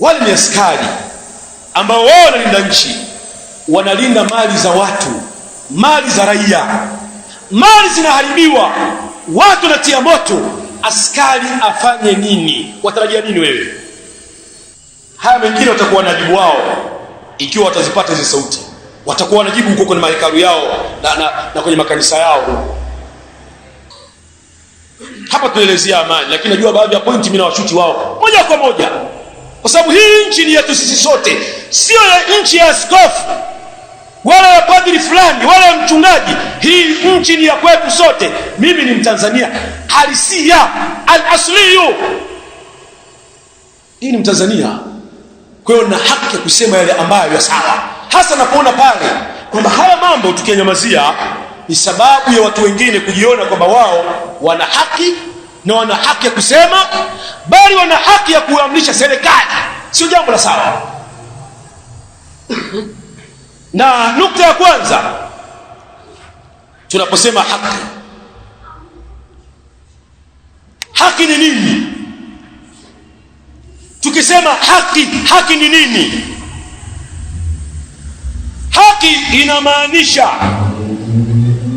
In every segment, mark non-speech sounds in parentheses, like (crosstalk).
Wale ni askari ambao wao wanalinda nchi, wanalinda mali za watu, mali za raia, mali zinaharibiwa, watu wanatia moto. Askari afanye nini? Watarajia nini wewe? Haya mengine watakuwa wanajibu wao, ikiwa watazipata hizi sauti, watakuwa wanajibu huko kwenye mahekalu yao na, na, na kwenye makanisa yao Hapa tunaelezea amani, lakini najua baadhi ya pointi mimi nawashuti washuti wao moja kwa moja kwa sababu hii nchi ni yetu sisi sote, sio nchi ya askofu wala ya padri fulani wala ya mchungaji. Hii nchi ni ya kwetu sote. Mimi ni Mtanzania halisia al-asliyu, hii ni Mtanzania. Kwa hiyo na haki ya kusema yale ambayo ya sawa, hasa napoona pale kwamba haya mambo tukiyanyamazia ni sababu ya watu wengine kujiona kwamba wao wana haki na wana haki ya kusema, bali wana haki ya kuamrisha serikali, sio jambo la sawa. Na nukta ya kwanza tunaposema haki, haki ni nini? Tukisema haki, haki ni nini? Haki inamaanisha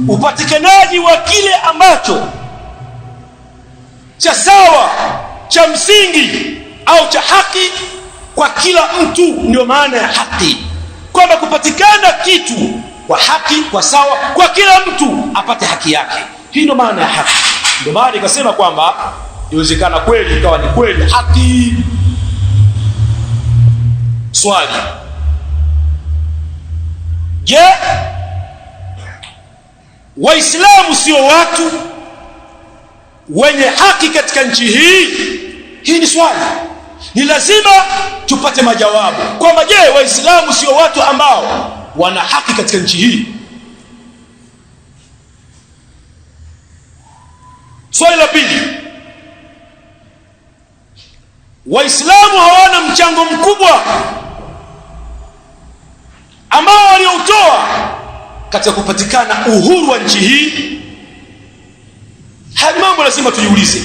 upatikanaji wa kile ambacho cha sawa cha msingi au cha haki kwa kila mtu. Ndio maana ya haki, kwamba kupatikana kitu kwa haki kwa sawa kwa kila mtu apate haki yake. Hii ndio maana ya haki. Ndio maana ikasema kwamba iwezekana kweli ikawa ni kweli haki. Swali, je, Waislamu sio watu wenye haki katika nchi hii? Hii ni swali ni lazima tupate majawabu kwamba je, Waislamu sio watu ambao wana haki katika nchi hii? Swali la pili, Waislamu hawana mchango mkubwa ambao walioutoa katika kupatikana uhuru wa nchi hii Haya mambo lazima tujiulize,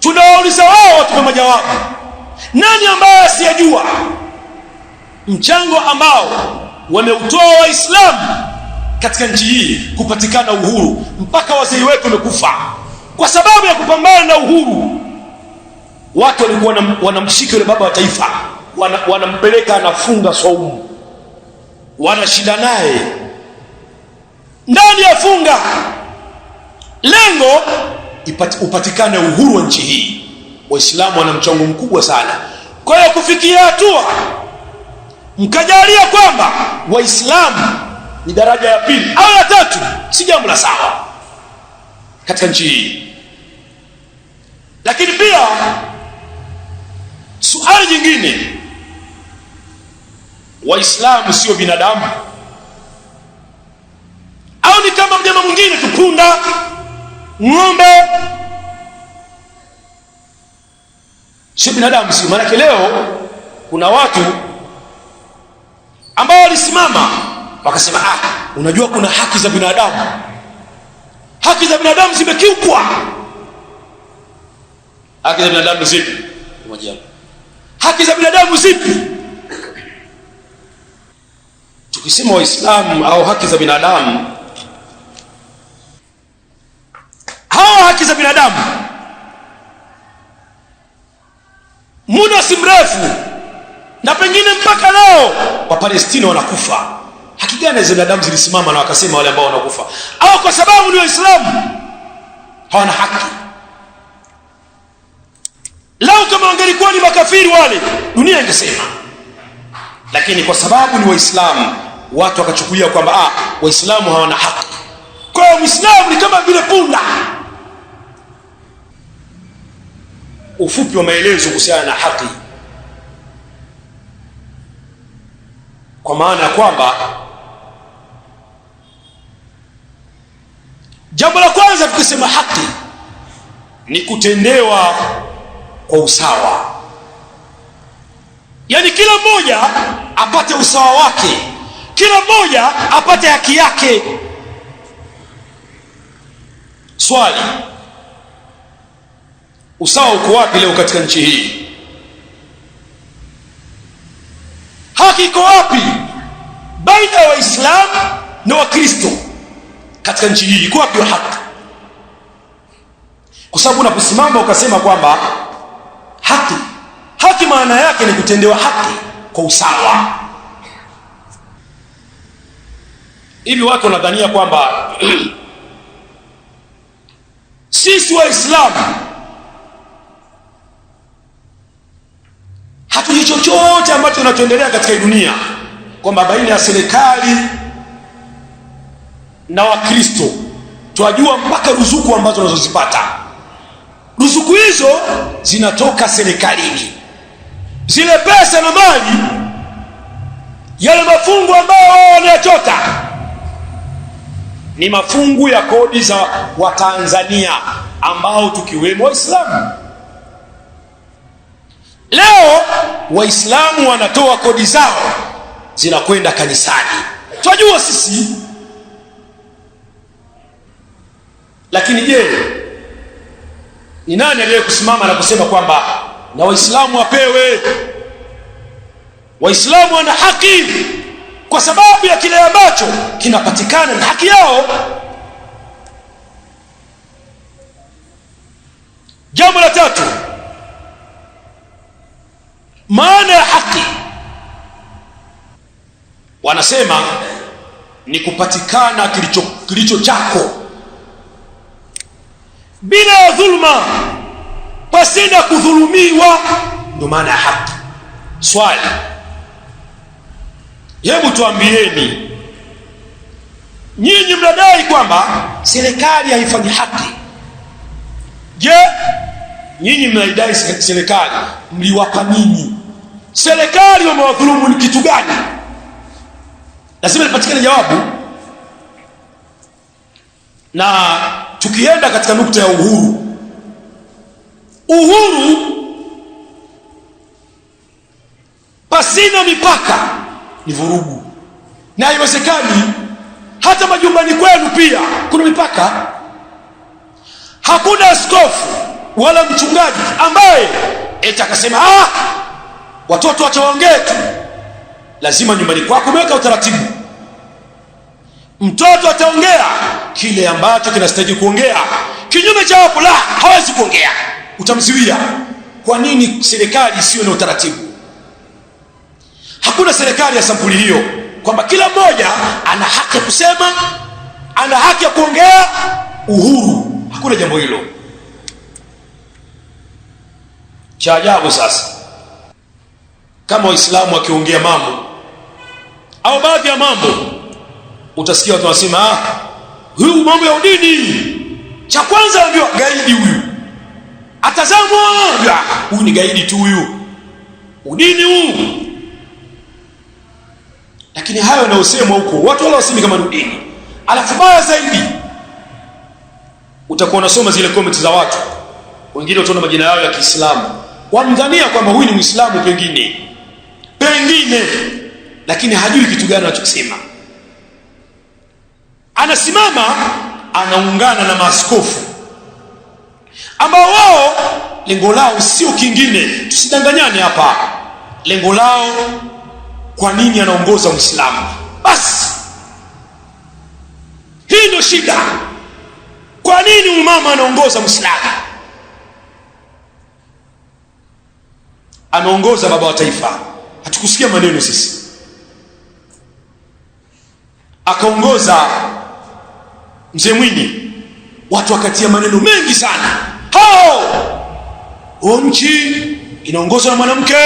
tunawauliza wao watupe majawabu. Nani ambaye asiyajua mchango ambao wameutoa Waislamu katika nchi hii kupatikana uhuru? Mpaka wazee wetu wamekufa kwa sababu ya kupambana na uhuru. Watu walikuwa wanamshika yule baba wa taifa, wanampeleka wana anafunga saumu, wanashinda naye ndani ya funga lengo upatikane uhuru wa nchi hii. Waislamu wana mchango mkubwa sana. Kwa hiyo kufikia hatua mkajalia kwamba Waislamu ni daraja ya pili au ya tatu, si jambo la sawa katika nchi hii. Lakini pia suali jingine, Waislamu sio binadamu au ni kama mnyama mwingine tu, punda ng'ombe, si binadamu, si maanake. Leo kuna watu ambao walisimama wakasema, ah, unajua kuna haki za binadamu, haki za binadamu zimekiukwa. Haki za binadamu zipi? Haki za binadamu zipi? Tukisema Waislamu au haki za binadamu hawa haki za binadamu muda si mrefu na pengine mpaka leo Wapalestina wanakufa. Haki gani za binadamu zilisimama na wakasema wale ambao wanakufa au kwa sababu ni Waislamu hawana haki? lao kama wangelikuwa ni makafiri wale, dunia ingesema, lakini kwa sababu ni Waislamu watu wakachukulia kwamba ah, Waislamu hawana haki. Kwa hiyo Muislamu ni kama vile punda ufupi wa maelezo kuhusiana na haki, kwa maana ya kwamba jambo la kwanza tukisema haki ni kutendewa kwa usawa, yaani kila mmoja apate usawa wake, kila mmoja apate haki yake. Swali Usawa uko wapi leo katika nchi hii? Haki iko wapi baina ya Waislamu na Wakristo katika nchi hii? Iko wapi haki? Kwa sababu unaposimama ukasema kwamba haki haki, maana yake ni kutendewa haki kwa usawa. Hivi watu wanadhania kwamba (clears throat) sisi Waislamu hatujui chochote ambacho kinachoendelea katika dunia, kwamba baina ya serikali na Wakristo twajua mpaka ruzuku ambazo unazozipata. Ruzuku hizo zinatoka serikalini, zile pesa na mali, yale mafungu ambayo wao wanayachota ni mafungu ya kodi za Watanzania ambao tukiwemo Waislamu Leo Waislamu wanatoa kodi zao zinakwenda kanisani, twajua sisi lakini, je, ni nani aliye kusimama na kusema kwamba na Waislamu wapewe? Waislamu wana haki kwa sababu ya kile ambacho kinapatikana na haki yao. Jambo la tatu maana ya haki wanasema ni kupatikana kilicho, kilicho chako bila ya dhulma, pasina kudhulumiwa, ndio maana ya haki. Swali, hebu tuambieni nyinyi, mnadai kwamba serikali haifanyi haki. Je, Nyinyi mnaidai serikali, mliwapa nini? Serikali wamewadhulumu ni kitu gani? Lazima lipatikane jawabu. Na tukienda katika nukta ya uhuru, uhuru pasina mipaka ni vurugu, na haiwezekani. Hata majumbani kwenu pia kuna mipaka. Hakuna askofu wala mchungaji ambaye eti akasema ah, watoto wacha waongee tu. Lazima nyumbani kwako umeweka utaratibu, mtoto ataongea kile ambacho kinastahili kuongea, kinyume cha hapo la hawezi kuongea, utamziwia. Kwa nini serikali isiwe na utaratibu? Hakuna serikali ya sampuli hiyo, kwamba kila mmoja ana haki ya kusema, ana haki ya kuongea, uhuru. Hakuna jambo hilo. Cha ajabu sasa, kama Waislamu wakiongea mambo au baadhi ya mambo, utasikia watu wanasema ah, huyu mambo ya udini. Cha kwanza ndio gaidi huyu, atazamwa ah, huyu ni gaidi tu, huyu udini huu. Lakini hayo yanayosemwa huko, watu wala wasimi kama ni udini. Alafu baya zaidi, utakuwa unasoma zile comments za watu wengine, utaona majina yao ya Kiislamu wamdhania kwamba huyu ni Muislamu pengine pengine, lakini hajui kitu gani anachosema. Anasimama anaungana na maaskofu ambao wao lengo lao sio kingine, tusidanganyane hapa, lengo lao kwa nini anaongoza uislamu Basi hii ndio shida. Kwa nini umama anaongoza mwislamu anaongoza baba wa taifa, hatukusikia maneno sisi, akaongoza mzee Mwinyi, watu wakatia maneno mengi sana huo nchi inaongozwa na mwanamke,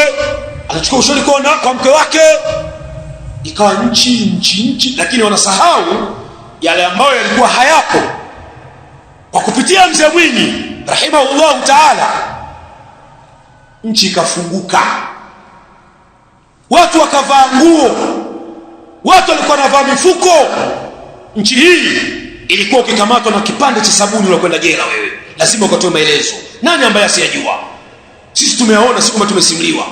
anachukua ushauri kona kwa mke wake, ikawa nchi nchi nchi, lakini wanasahau yale ambayo yalikuwa hayapo kwa kupitia mzee Mwinyi rahimahullahu taala nchi ikafunguka, watu wakavaa nguo, watu walikuwa wanavaa mifuko. Nchi hii ilikuwa ukikamatwa na kipande cha sabuni unakwenda jela wewe, lazima ukatoe maelezo. Nani ambaye asiyajua? Sisi tumeyaona, si kwamba tumesimuliwa.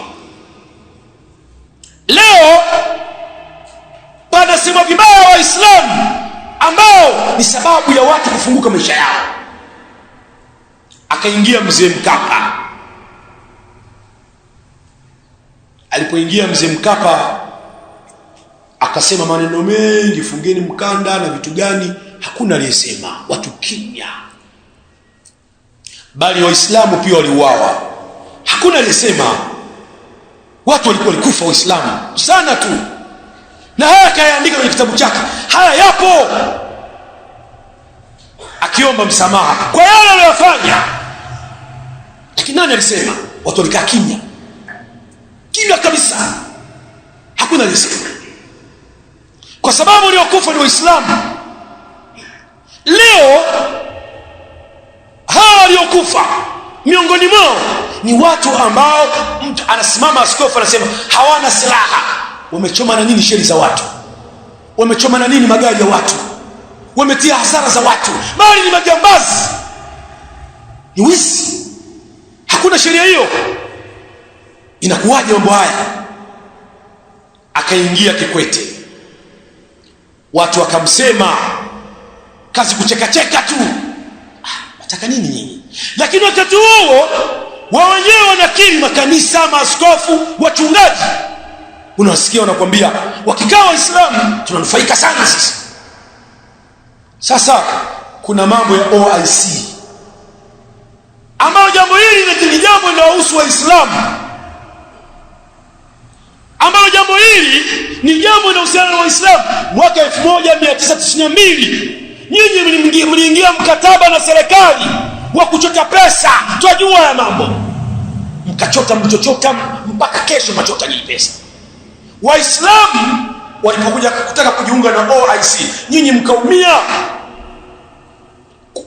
Leo panasema vibaya Waislamu ambao ni sababu ya watu kufunguka maisha yao. Akaingia mzee Mkapa alipoingia mzee Mkapa akasema maneno mengi, fungeni mkanda na vitu gani, hakuna aliyesema, watu kimya, bali Waislamu pia waliuawa, hakuna aliyesema, watu walikuwa walikufa Waislamu sana tu, na haya akayaandika kwenye kitabu chake, haya yapo, akiomba msamaha kwa yale aliyofanya. Lakini nani alisema? Watu walikaa kimya kimya kabisa, hakuna riziki, kwa sababu waliokufa ni Waislamu. Leo hawa waliokufa miongoni mwao ni watu ambao mtu anasimama askofu anasema hawana silaha. Wamechoma na nini sheri za watu? Wamechoma na nini magari ya watu? Wametia hasara za watu, bali ni majambazi, ni wizi. Hakuna sheria hiyo inakuwaje mambo haya? Akaingia Kikwete, watu wakamsema kazi kuchekacheka tu, nataka ah, nini nyinyi? Lakini wakati huo wao wenyewe wanakiri, makanisa, maaskofu, wachungaji, unawasikia wanakuambia wakikaa Waislamu tunanufaika sana sisi. Sasa kuna mambo ya OIC ambayo jambo hili ni jambo linalohusu Waislamu hili ni jambo linahusiana na Waislamu. Mwaka 1992 nyinyi mliingia mkataba na serikali wa kuchota pesa, twajua ya mambo, mkachota mlichochota, mpaka kesho machota nyinyi pesa. Waislamu walipokuja kutaka kujiunga na OIC, nyinyi mkaumia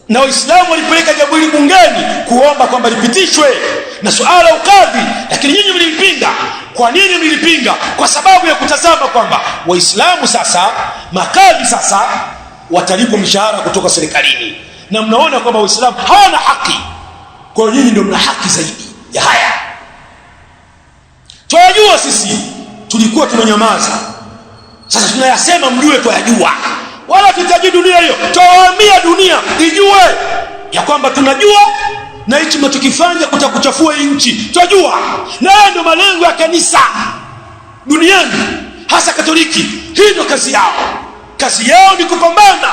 na Waislamu walipeleka jambo hili bungeni kuomba kwamba lipitishwe na suala ukadhi, lakini nyinyi mlimpinga. Kwa nini mlipinga Kwa sababu ya kutazama kwamba Waislamu sasa makadhi sasa watalipwa mishahara kutoka serikalini, na mnaona kwamba Waislamu hawana haki, kwa hiyo nyinyi ndio mna haki zaidi ya haya. Twayajua sisi, tulikuwa tunanyamaza, sasa tunayasema mjue, twayajua, wala tutaji dunia hiyo, twawaambia dunia ijue ya kwamba tunajua na hichi mnachokifanya kutakuchafua hii nchi tunajua na haya ndio malengo ya kanisa duniani hasa katoliki hii ndio kazi yao kazi yao ni kupambana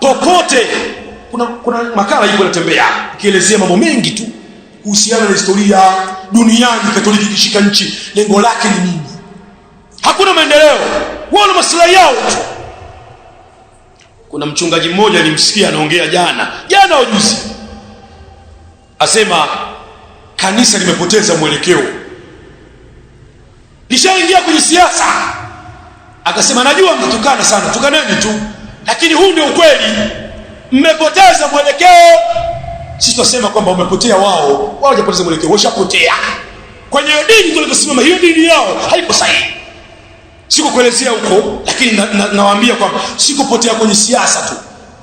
popote kuna, kuna makala yuko anatembea ikielezea mambo mengi tu kuhusiana na historia duniani katoliki ikishika nchi lengo lake ni nini hakuna maendeleo wao na masilahi yao tu kuna mchungaji mmoja alimsikia anaongea jana jana wajuzi asema kanisa limepoteza mwelekeo, lishaingia kwenye siasa. Akasema najua mtukana sana, tukaneni tu, lakini huu ndio ukweli, mmepoteza mwelekeo. Sisi tunasema kwamba umepotea, wao wao hawajapoteza mwelekeo, washapotea kwenye dini tulikosimama. Hiyo dini yao haiko sahihi. Sikukuelezea huko, lakini nawaambia na, na kwamba sikupotea kwenye siasa tu,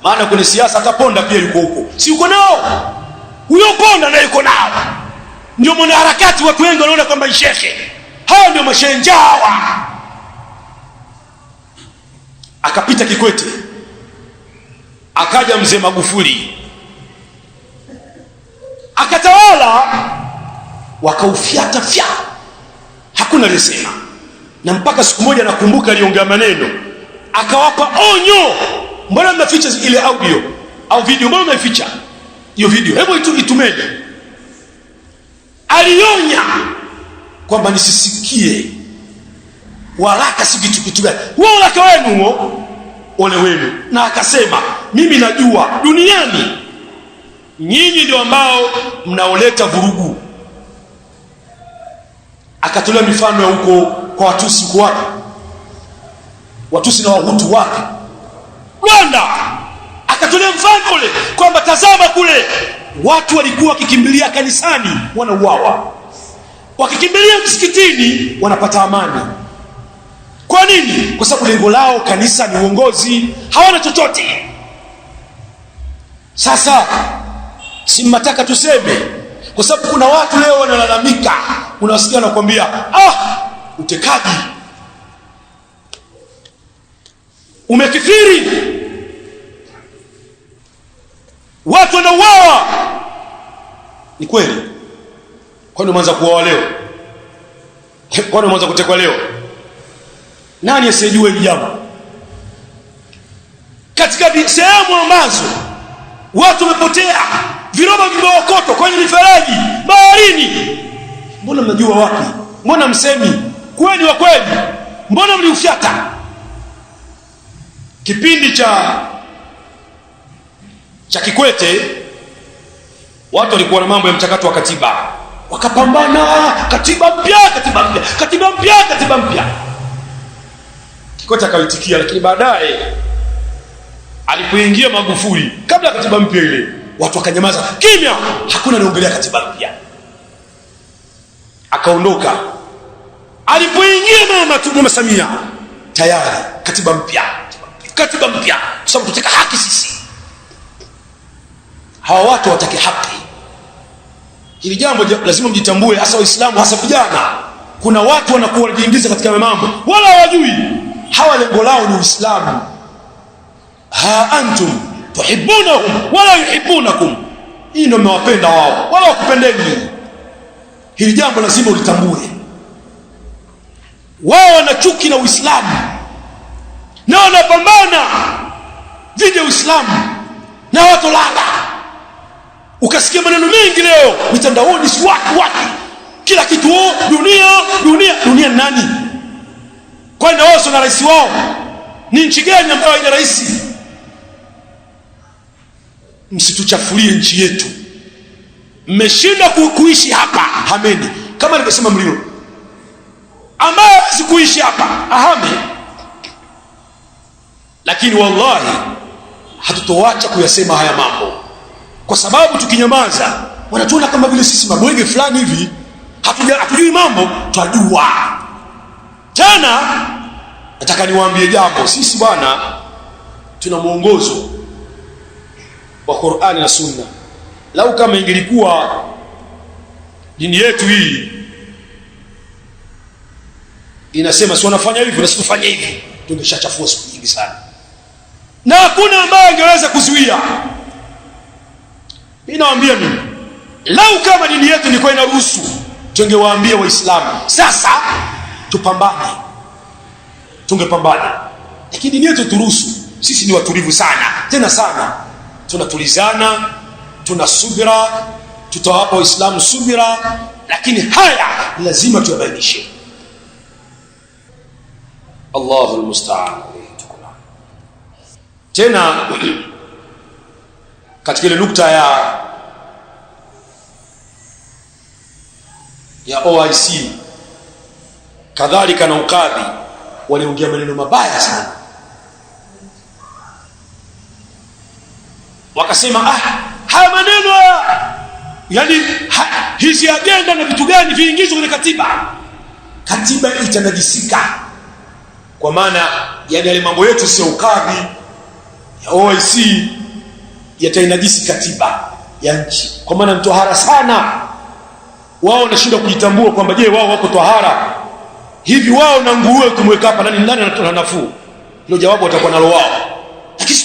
maana kwenye siasa hata Ponda pia yuko huko, si uko nao huyo bonda naye yuko nao, ndio mwanaharakati. Watu wengi wanaona kwamba ni shekhe, hawa ndio mashenjawa Akapita Kikwete, akaja mzee Magufuli, akatawala, wakaufyata fya, hakuna aliyosema Na mpaka siku moja nakumbuka aliongea maneno, akawapa onyo, mbona mnaficha ile audio au video, mbona mnaificha? hiyo video, hebu itu, itumeje Alionya kwamba nisisikie waraka, si kitu kitu gani huo waraka wenu huo, ole wenu. Na akasema mimi najua duniani nyinyi ndio ambao mnaoleta vurugu. Akatolea mifano ya huko kwa Watusi, huko wapi Watusi na Wahutu wapi Rwanda, akatolea mfano ule kule watu walikuwa wakikimbilia kanisani wanauawa, wakikimbilia msikitini wanapata amani. Kwa nini? Kwa sababu lengo lao kanisa ni uongozi, hawana chochote. Sasa simnataka tuseme, kwa sababu kuna watu leo wanalalamika, unawasikia wanakuambia, ah, utekaji umekithiri watu wanauawa ni kweli kwani umeanza kuoa leo (laughs) kwani umeanza kutekwa leo nani asiyejua jambo katika sehemu ambazo watu wamepotea viroba vimeokotwa kwenye mifereji baharini mbona mnajua wapi mbona msemi kweli wa kweli mbona mliufyata kipindi cha cha Kikwete watu walikuwa na mambo ya mchakato wa katiba, wakapambana katiba mpya, katiba mpya, katiba mpya, katiba mpya. Kikwete akaitikia, lakini baadaye alipoingia Magufuli, kabla ya katiba mpya ile, watu wakanyamaza kimya, hakuna anaongelea katiba mpya. Akaondoka. Alipoingia mama tu Mama Samia, tayari katiba mpya, katiba mpya, kwa sababu tutaka haki sisi hawa watu watake haki. Hili jambo lazima mjitambue, hasa Waislamu, hasa vijana. Kuna watu wanakuwa wanajiingiza katika mambo wala hawajui, hawa lengo lao ni Uislamu. ha antum tuhibunahum wala yuhibunakum hii ndio mmewapenda wao wala wakupendeni. Hili jambo lazima ulitambue. Wao wana chuki na Uislamu na wanapambana dhidi ya Uislamu na watolala ukasikia maneno mengi leo mitandaoni si watu watu kila kitu oh, dunia dunia dunia nani kwenda wao na rais wao ni nchi gani ambayo haina rais msituchafulie nchi yetu mmeshindwa kuishi hapa hameni kama alivyosema mlio ambaye hawezi kuishi hapa ahame lakini wallahi hatutowacha kuyasema haya mambo kwa sababu tukinyamaza wanatuona kama vile sisi mabwege fulani hivi, hatujui mambo, twajua. Tena nataka niwaambie jambo, sisi bwana, tuna mwongozo wa Qur'ani na Sunna. Lau kama ingelikuwa dini yetu hii inasema si wanafanya hivi na situfanye hivi, tungeshachafua siku nyingi sana, na hakuna ambaye angeweza kuzuia mimi nawaambia mimi, lau kama dini yetu ilikuwa inaruhusu, tungewaambia Waislamu sasa tupambane, tungepambana, lakini dini yetu turuhusu. Sisi ni watulivu sana, tena sana, tunatulizana, tuna subira, tutawapa Waislamu subira, lakini haya lazima tuyabainishe. Allahu almusta'an. Tena (clears throat) katika ile nukta ya ya OIC kadhalika na ukadhi waliongea maneno mabaya sana, wakasema ah, haya maneno yani ha, hizi agenda na vitu gani viingizwe kwenye katiba, katiba itanajisika. Kwa maana yani yale mambo yetu sio ukadhi ya OIC yatainajisi katiba ya nchi, kwa maana mtohara sana wao wanashindwa kujitambua kwamba je, wao wako tohara hivi? Wao na nguruwe kumweka hapa nani nani anatoa nafuu? ndio jawabu watakuwa nalo wao, lakini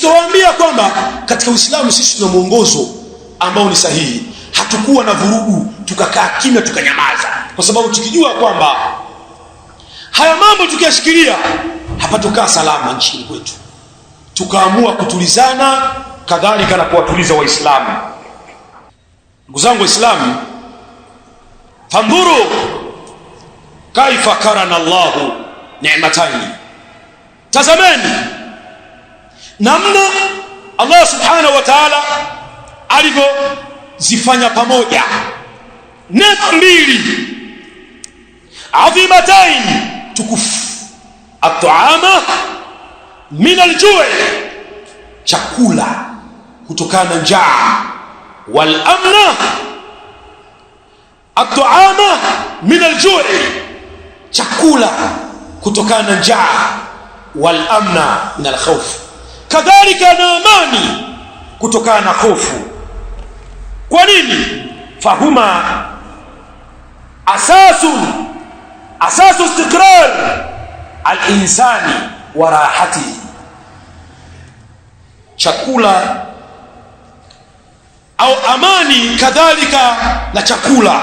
kwamba katika Uislamu sisi tuna mwongozo ambao ni sahihi. Hatukuwa na vurugu tukakaa kimya tukanyamaza, kwa sababu tukijua kwamba haya mambo tukiyashikilia hapatokaa salama nchini kwetu, tukaamua kutulizana kadhalika na kuwatuliza Waislamu. Ndugu zangu Waislamu, fandhuru kaifa karana llahu ni'mataini, tazameni namna Allah subhanahu wa ta'ala alivyozifanya pamoja neema mbili adhimataini tukufu, at'ama min aljui, chakula kutokana na njaa walamna atuama min aljui chakula kutokana na njaa walamna min alkhaufu kadhalika na amani kutokana na hofu kwa nini fahuma asasun asasu istiqrar alinsani wa rahatihi chakula au amani, kadhalika na chakula,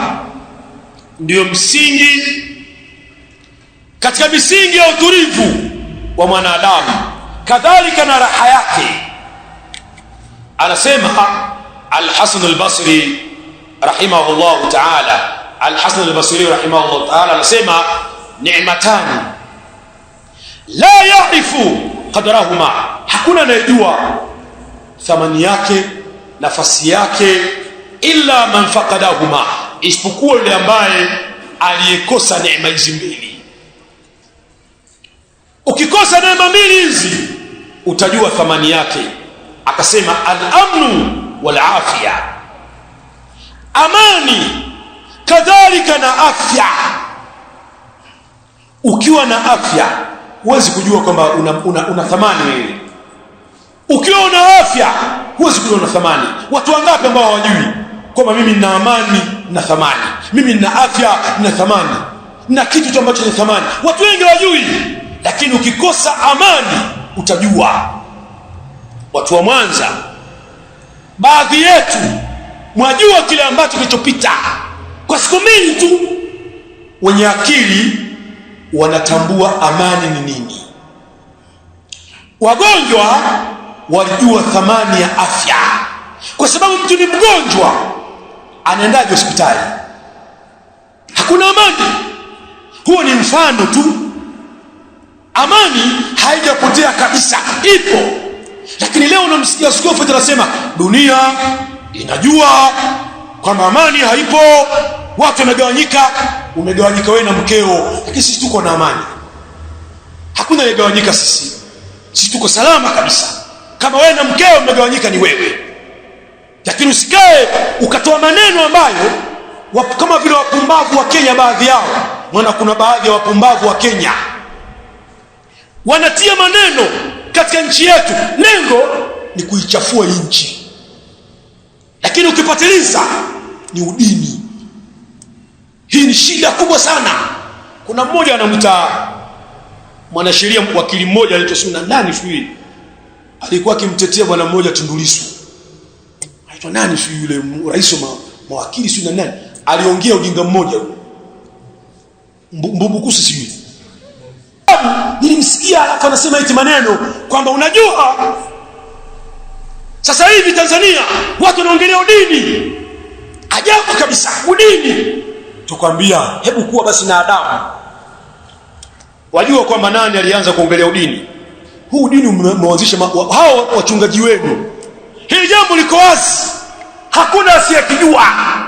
ndiyo msingi katika misingi ya utulivu wa mwanadamu, kadhalika na raha yake. Anasema Alhasan Albasri rahimahullahu taala, Alhasan Albasri rahimahullahu taala anasema ni'matani la yarifu qadrahuma, hakuna anayejua thamani yake nafasi yake illa man faqadahuma, isipokuwa yule ambaye aliyekosa neema hizi mbili. Ukikosa neema mbili hizi utajua thamani yake. Akasema al-amnu wal afya, amani kadhalika na afya. Ukiwa na afya huwezi kujua kwamba una, una, una thamani wewe. Ukiwa una afya huwezi kujua na thamani. Watu wangapi ambao hawajui kwamba mimi nina amani na thamani, mimi nina afya na thamani, na kitu tu ambacho ni thamani. Watu wengi hawajui, lakini ukikosa amani utajua. Watu wa Mwanza, baadhi yetu mwajua kile ambacho kilichopita kwa siku mingi tu. Wenye akili wanatambua amani ni nini. Wagonjwa walijua thamani ya afya, kwa sababu mtu ni mgonjwa, anaendaje hospitali? Hakuna amani. Huo ni mfano tu, amani haijapotea kabisa, ipo. Lakini leo unamsikia askofu anasema dunia inajua kwamba amani haipo, watu wamegawanyika. Umegawanyika wewe na mkeo, lakini sisi tuko na amani, hakuna aliyegawanyika. Sisi sisi tuko salama kabisa kama wewe na mkeo mmegawanyika ni wewe lakini usikae ukatoa maneno ambayo kama vile wapumbavu wa Kenya baadhi yao maana kuna baadhi ya wapumbavu wa Kenya wanatia maneno katika nchi yetu lengo ni kuichafua nchi lakini ukipatiliza ni udini hii ni shida kubwa sana kuna mmoja anamta mwanasheria wakili mmoja anaitwa Sunandani sijui alikuwa akimtetea bwana mmoja Tundulisu. aitwa nani, si yule rais wa mawakili, si na nani, aliongea ujinga mmoja huo, Mbubukusi sijui, nilimsikia alafu anasema eti maneno kwamba unajua sasa hivi Tanzania watu wanaongelea udini. Ajabu kabisa, udini. Tukwambia hebu kuwa basi na adabu, wajua kwamba nani alianza kuongelea udini huu dini umeanzisha hao wachungaji wenu. Hili jambo liko wazi, hakuna asiyekijua.